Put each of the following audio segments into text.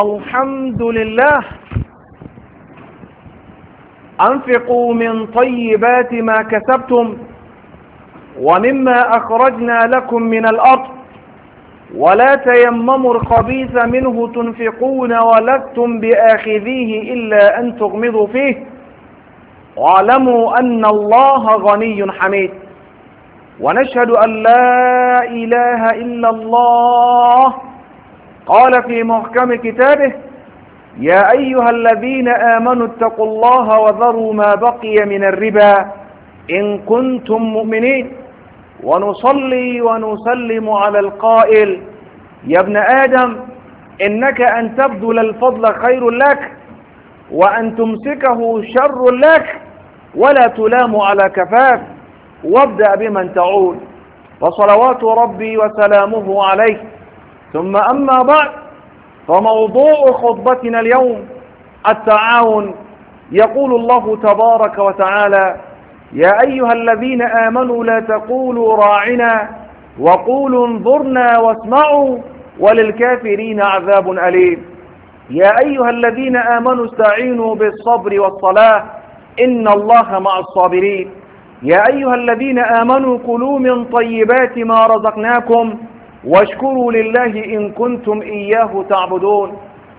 الحمد لله أنفقوا من طيبات ما كسبتم ومما أخرجنا لكم من الأرض ولا تيمموا الخبيث منه تنفقون ولستم بآخذيه إلا أن تغمضوا فيه واعلموا أن الله غني حميد ونشهد أن لا إله إلا الله قال في محكم كتابه يا أيها الذين آمنوا اتقوا الله وذروا ما بقي من الربا إن كنتم مؤمنين ونصلي ونسلم على القائل يا ابن آدم إنك أن تبذل الفضل خير لك وأن تمسكه شر لك ولا تلام على كفاف وابدأ بمن تعود وصلوات ربي وسلامه عليه ثم أما بعد فموضوع خطبتنا اليوم التعاون يقول الله تبارك وتعالى يا أيها الذين آمنوا لا تقولوا راعنا وقولوا انظرنا واسمعوا وللكافرين عذاب أليم يا أيها الذين آمنوا استعينوا بالصبر والصلاة إن الله مع الصابرين يا أيها الذين آمنوا كلوا من طيبات ما رزقناكم واشكروا لله إن كنتم إياه تعبدون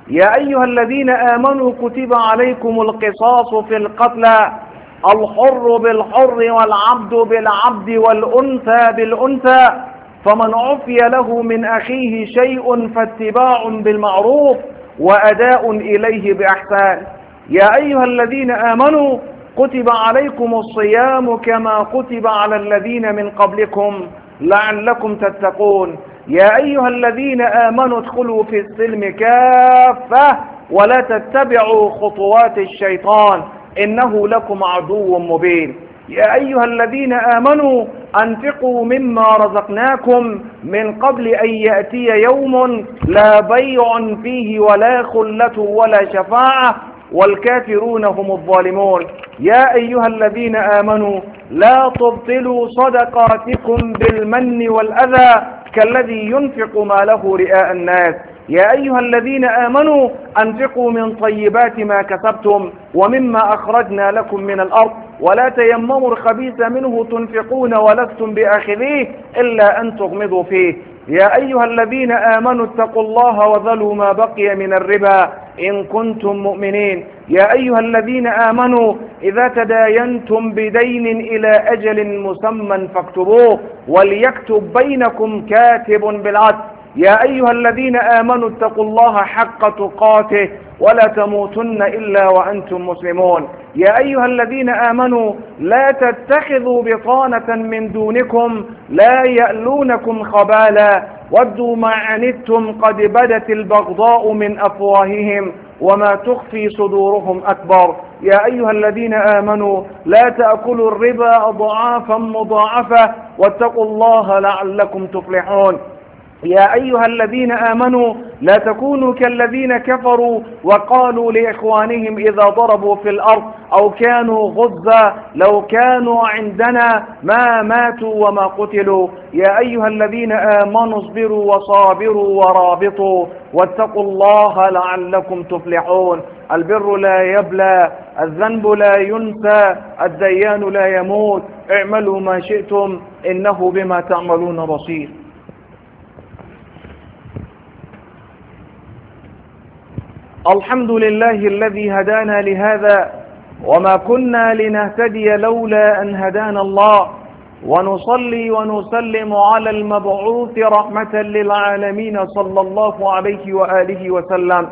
يا أيها الذين آمنوا كتب عليكم القصاص في القتلى الحر بالحر والعبد بالعبد والأنثى بالأنثى فمن عفي له من أخيه شيء فاتباع بالمعروف وأداء إليه بأحسان يا أيها الذين آمنوا كتب عليكم الصيام كما كتب على الذين من قبلكم لعلكم تتقون يا أيها الذين آمنوا ادخلوا في السلم كافة ولا تتبعوا خطوات الشيطان إنه لكم عدو مبين يا أيها الذين آمنوا أنفقوا مما رزقناكم من قبل أن يأتي يوم لا بيع فيه ولا خلة ولا شفاعة والكافرون هم الظالمون يا أيها الذين آمنوا لا تبطلوا صدقاتكم بالمن والأذى كالذي ينفق ماله رئاء الناس يا أيها الذين آمنوا أنفقوا من طيبات ما كسبتم ومما أخرجنا لكم من الأرض ولا تيمموا الخبيث منه تنفقون ولستم بآخذيه إلا أن تغمضوا فيه يا أيها الذين آمنوا اتقوا الله وذلوا ما بقي من الربا إن كنتم مؤمنين يا أيها الذين آمنوا إذا تداينتم بدين إلى أجل مسمى فاكتبوه وليكتب بينكم كاتب بالعدل يا أيها الذين آمنوا اتقوا الله حق تقاته ولا تموتن إلا وأنتم مسلمون يا أيها الذين آمنوا لا تتخذوا بطانة من دونكم لا يألونكم خبالا ودوا ما عنتم قد بدت البغضاء من أفواههم وما تخفي صدورهم أكبر يا أيها الذين آمنوا لا تأكلوا الربا أضعافا مضاعفة واتقوا الله لعلكم تفلحون يا أيها الذين آمنوا لا تكونوا كالذين كفروا وقالوا لإخوانهم إذا ضربوا في الأرض أو كانوا غزة لو كانوا عندنا ما ماتوا وما قتلوا يا أيها الذين آمنوا اصبروا وصابروا ورابطوا واتقوا الله لعلكم تفلحون البر لا يبلى الذنب لا ينسى الديان لا يموت اعملوا ما شئتم إنه بما تعملون بصير الحمد لله الذي هدانا لهذا وما كنا لنهتدي لولا أن هدانا الله ونصلي ونسلم على المبعوث رحمة للعالمين صلى الله عليه وآله وسلم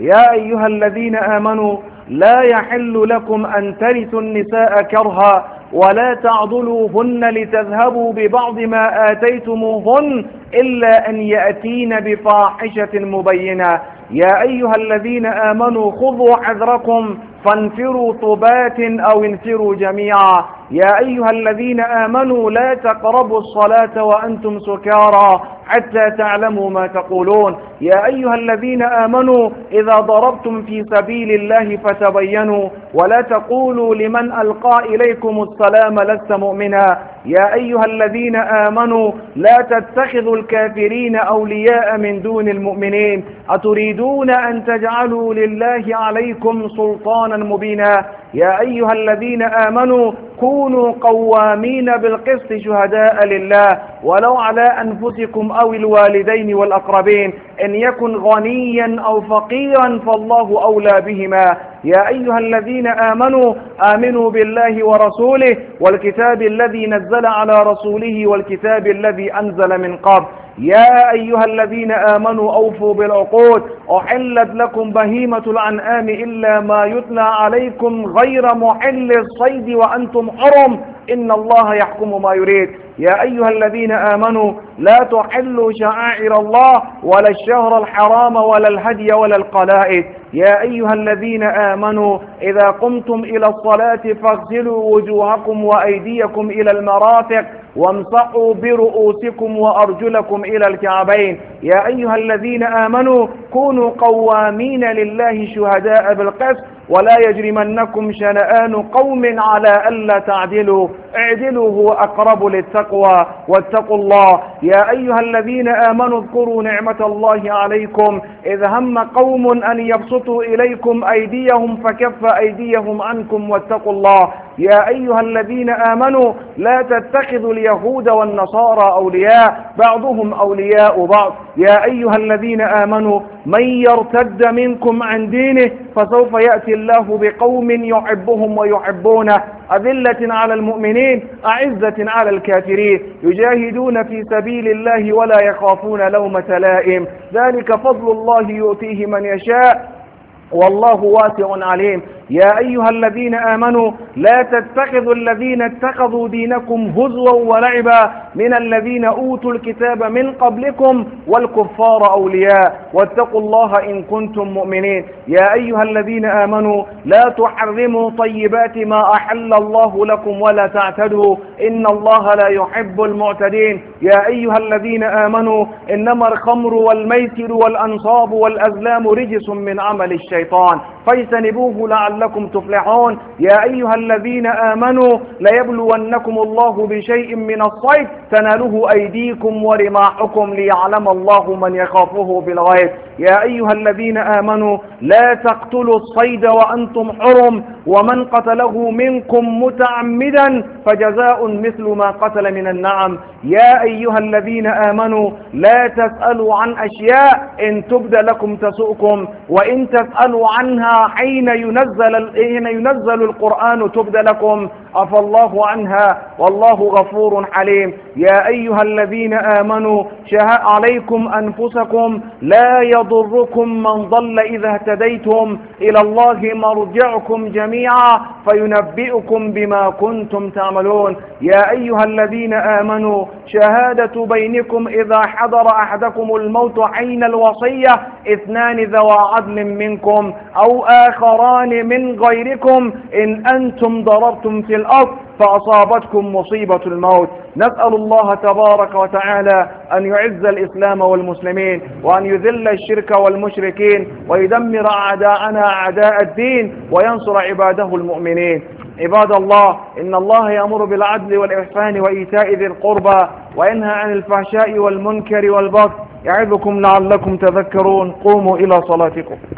يا أيها الذين آمنوا لا يحل لكم أن ترثوا النساء كرها ولا تعضلوهن لتذهبوا ببعض ما آتيتموهن إلا أن يأتين بفاحشة مبينة يا أيها الذين آمنوا خذوا عذركم فانفروا طبات أو انفروا جميعا يا أيها الذين آمنوا لا تقربوا الصلاة وأنتم سكارى حتى تعلموا ما تقولون يا أيها الذين آمنوا إذا ضربتم في سبيل الله فتبينوا ولا تقولوا لمن ألقى إليكم السلام لست مؤمنا يا أيها الذين آمنوا لا تتخذوا الكافرين أولياء من دون المؤمنين أتريدون أن تجعلوا لله عليكم سلطانا مبينا يا أيها الذين آمنوا كونوا قوامين بالقسط شهداء لله ولو على أنفسكم أو الوالدين والأقربين إن يكن غنيا أو فقيرا فالله أولى بهما يا أيها الذين آمنوا آمنوا بالله ورسوله والكتاب الذي نزل على رسوله والكتاب الذي أنزل من قبل يا أيها الذين آمنوا أوفوا بالعقود أحلت لكم بهيمة الأنعام إلا ما يتلى عليكم غير محل الصيد وأنتم حرم إن الله يحكم ما يريد يا أيها الذين آمنوا لا تحلوا شعائر الله ولا الشهر الحرام ولا الهدي ولا القلائد يا أيها الذين آمنوا إذا قمتم إلى الصلاة فاغسلوا وجوهكم وأيديكم إلى المرافق وامسحوا برؤوسكم وأرجلكم إلى الكعبين يا أيها الذين آمنوا كونوا قوامين لله شهداء بالقسط ولا يجرمنكم شنآن قوم على ألا تعدلوا اعدلوا هو أقرب للتقوى واتقوا الله يا أيها الذين آمنوا اذكروا نعمة الله عليكم إذ هم قوم أن يبسطوا إليكم أيديهم فكف أيديهم عنكم واتقوا الله يا أيها الذين آمنوا لا تتخذوا اليهود والنصارى أولياء بعضهم أولياء بعض يا أيها الذين آمنوا من يرتد منكم عن دينه فسوف يأتي الله بقوم يحبهم ويحبونه أذلة على المؤمنين أعزة على الكافرين يجاهدون في سبيل الله ولا يخافون لومة لائم ذلك فضل الله يؤتيه من يشاء والله واسع عليم يا أيها الذين آمنوا لا تتخذوا الذين اتخذوا دينكم هزوا ولعبا من الذين أوتوا الكتاب من قبلكم والكفار أولياء واتقوا الله إن كنتم مؤمنين يا أيها الذين آمنوا لا تحرموا طيبات ما أحل الله لكم ولا تعتدوا إن الله لا يحب المعتدين يا أيها الذين آمنوا إنما الخمر والميسر والأنصاب والأزلام رجس من عمل الشيطان فاجتنبوه لعلكم تفلحون يا أيها الذين آمنوا ليبلونكم الله بشيء من الصيد تناله أيديكم ورماحكم ليعلم الله من يخافه بالغيب يا أيها الذين آمنوا لا تقتلوا الصيد وأنتم حرم ومن قتله منكم متعمدا فجزاء مثل ما قتل من النعم يا أيها الذين آمنوا لا تسألوا عن أشياء إن تبد لكم تسؤكم وإن تسألوا عنها حين ينزل, حين ينزل القرآن تبد لكم عفى الله عنها والله غفور حليم يا أيها الذين آمنوا شهاء عليكم أنفسكم لا يضركم من ضل إذا اهتديتم إلى الله مرجعكم جميعا فينبئكم بما كنتم تعملون يا أيها الذين آمنوا شهادة بينكم إذا حضر أحدكم الموت عين الوصية اثنان ذوى عدل منكم أو آخران من غيركم إن أنتم ضربتم في الأرض الأرض فأصابتكم مصيبة الموت نسأل الله تبارك وتعالى أن يعز الإسلام والمسلمين وأن يذل الشرك والمشركين ويدمر أعداءنا أعداء الدين وينصر عباده المؤمنين عباد الله إن الله يأمر بالعدل والإحسان وإيتاء ذي القربى وينهى عن الفحشاء والمنكر والبغي يعظكم لعلكم تذكرون قوموا إلى صلاتكم